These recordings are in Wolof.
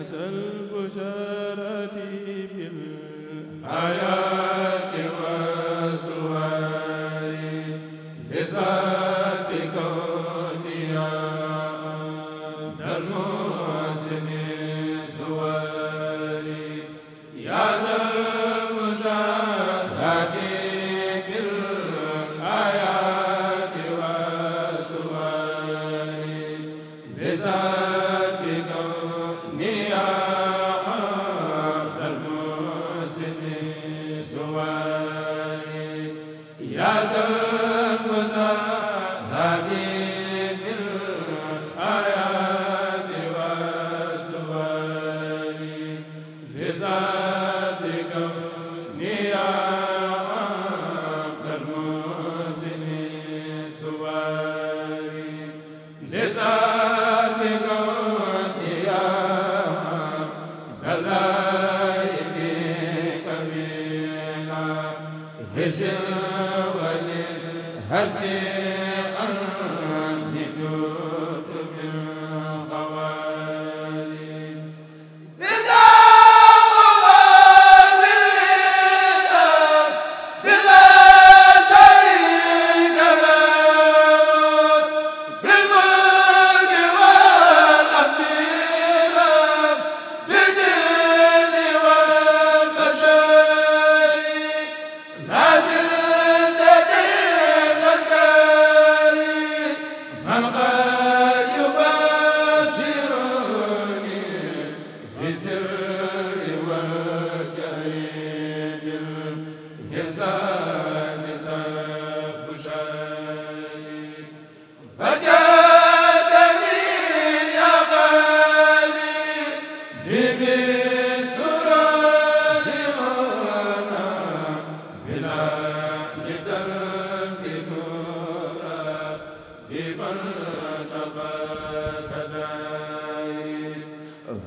أسى البشارة بالحياة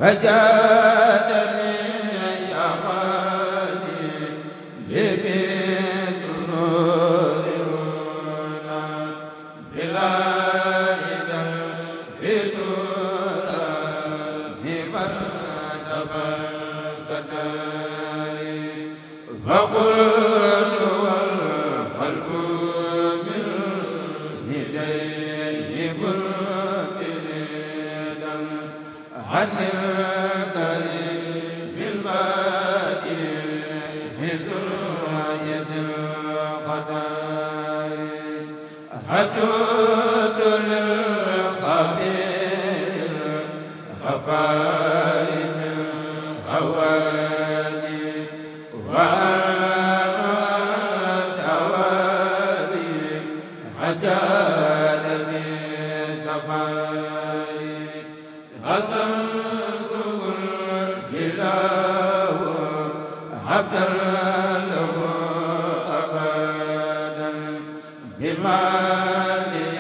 aja Hatu maa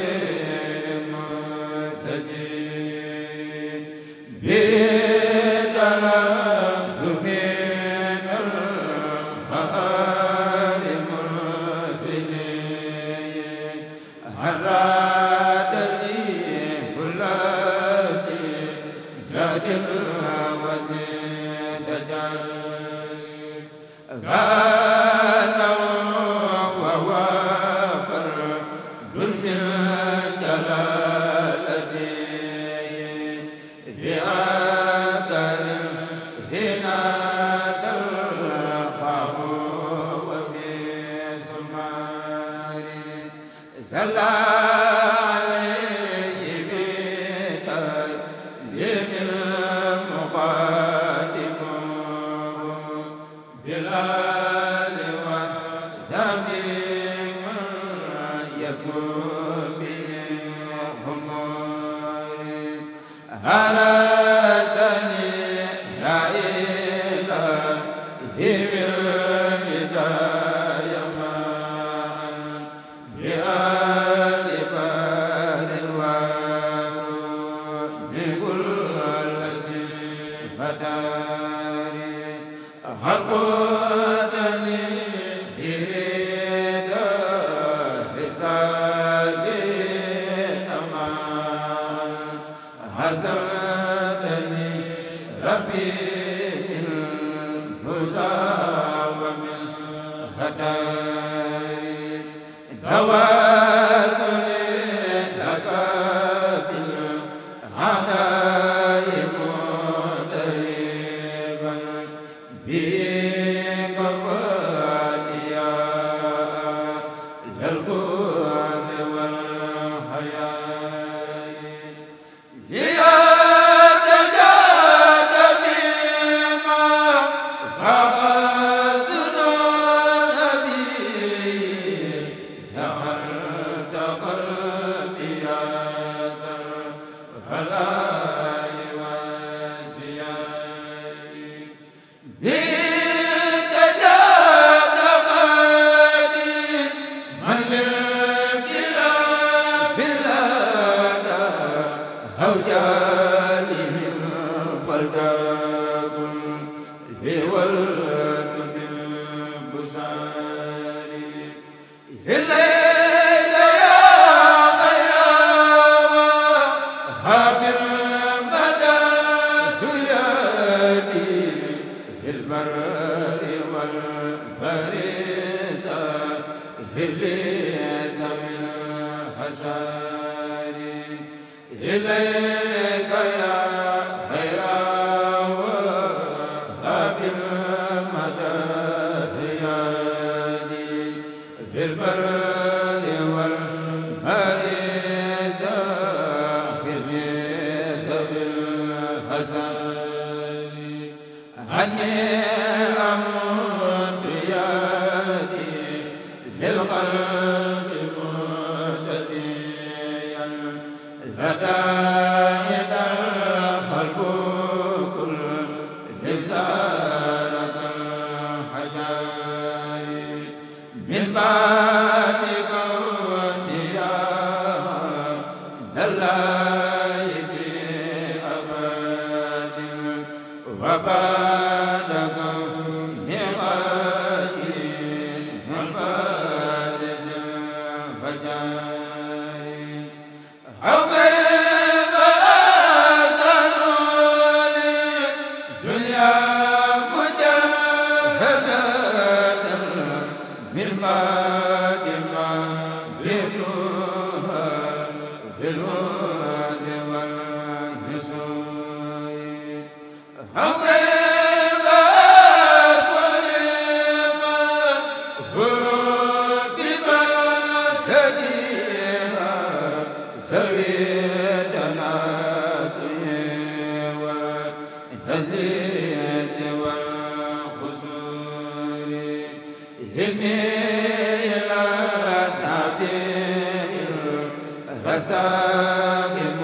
way sala badari yaa wa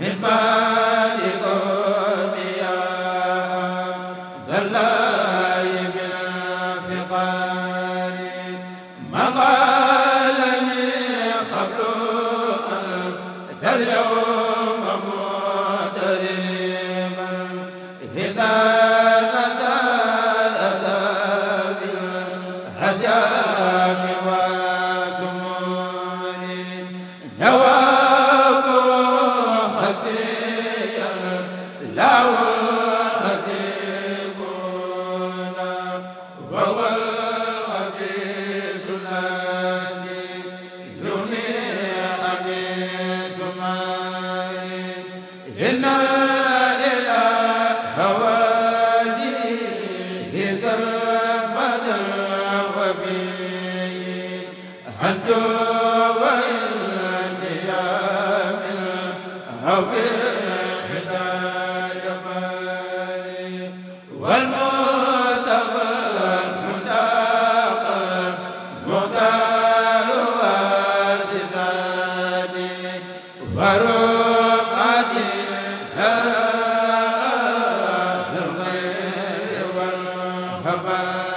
min ba مرحبا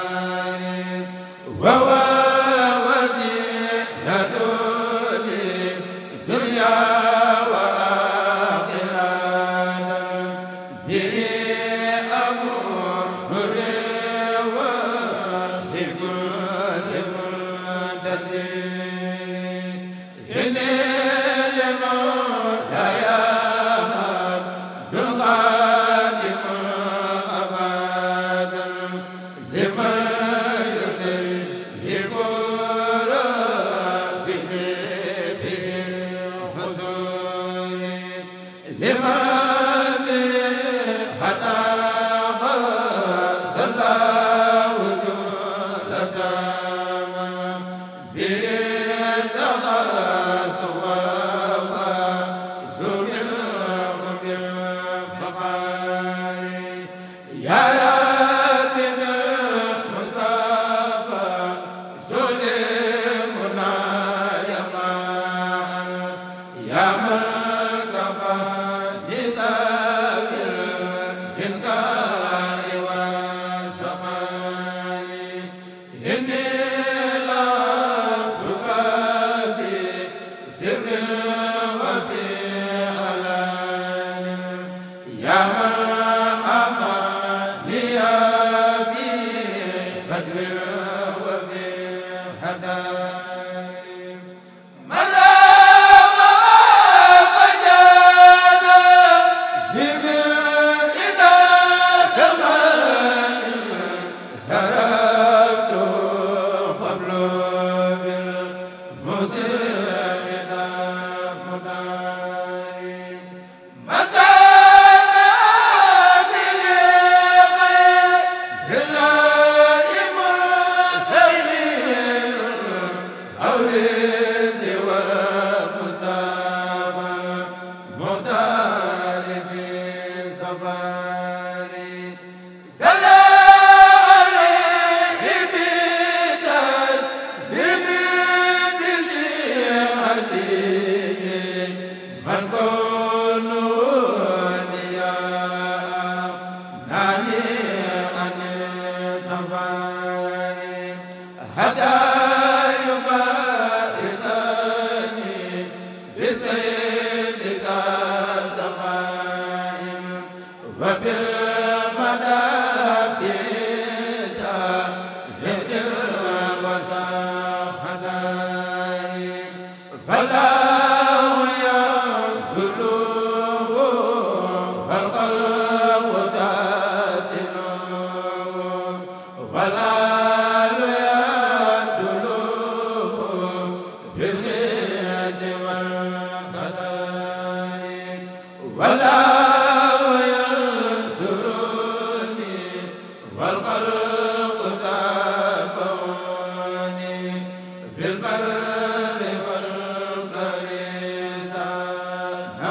sirr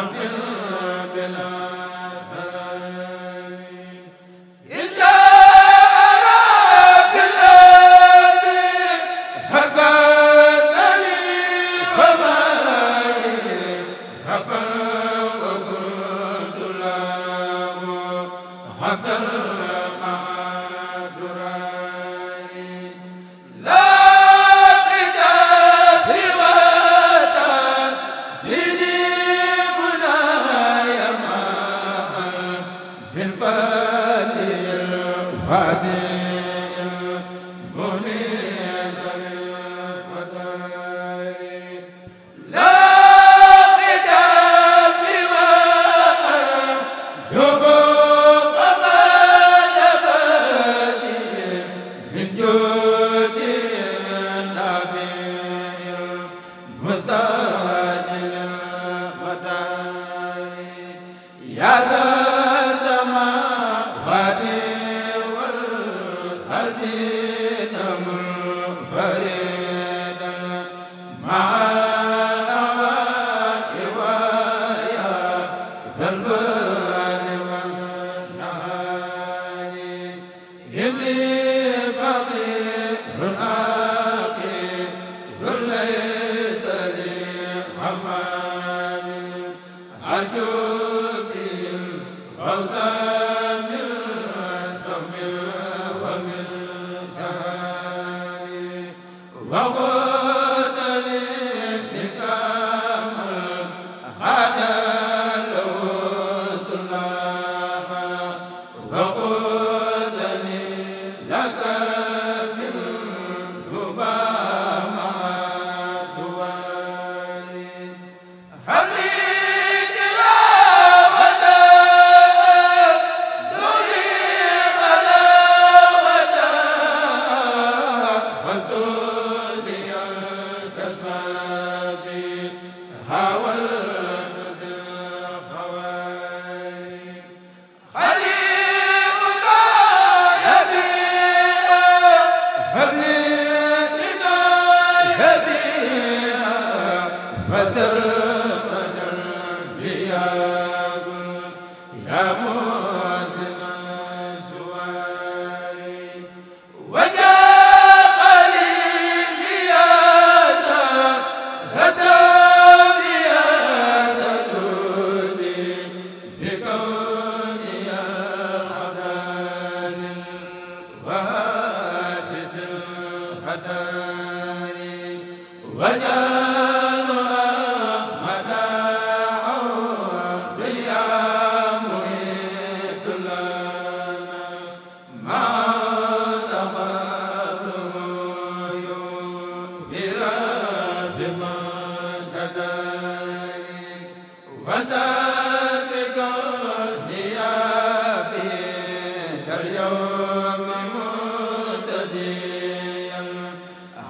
amiin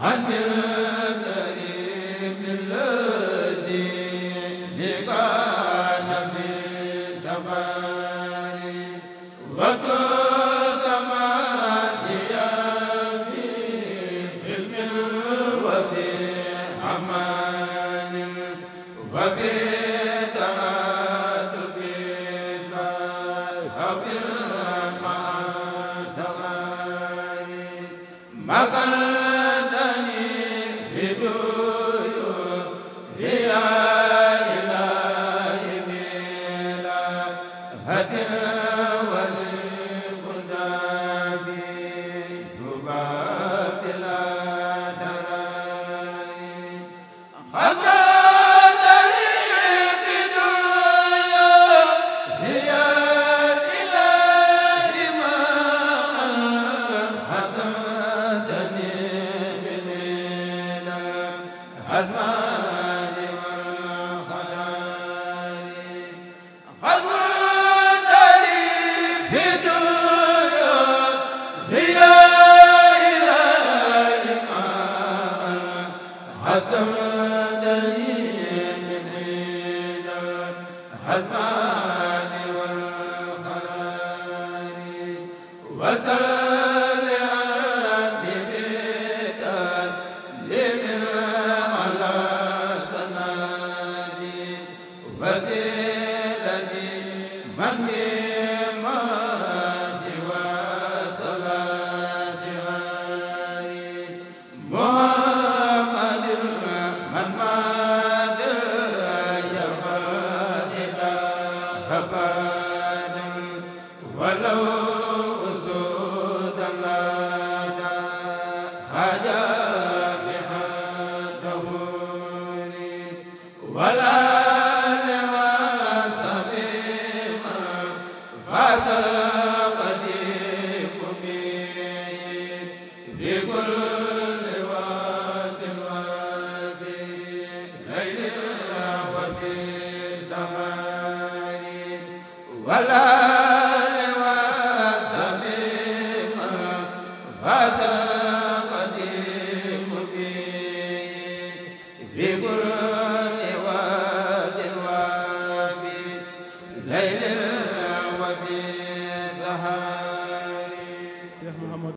amiin hasna wala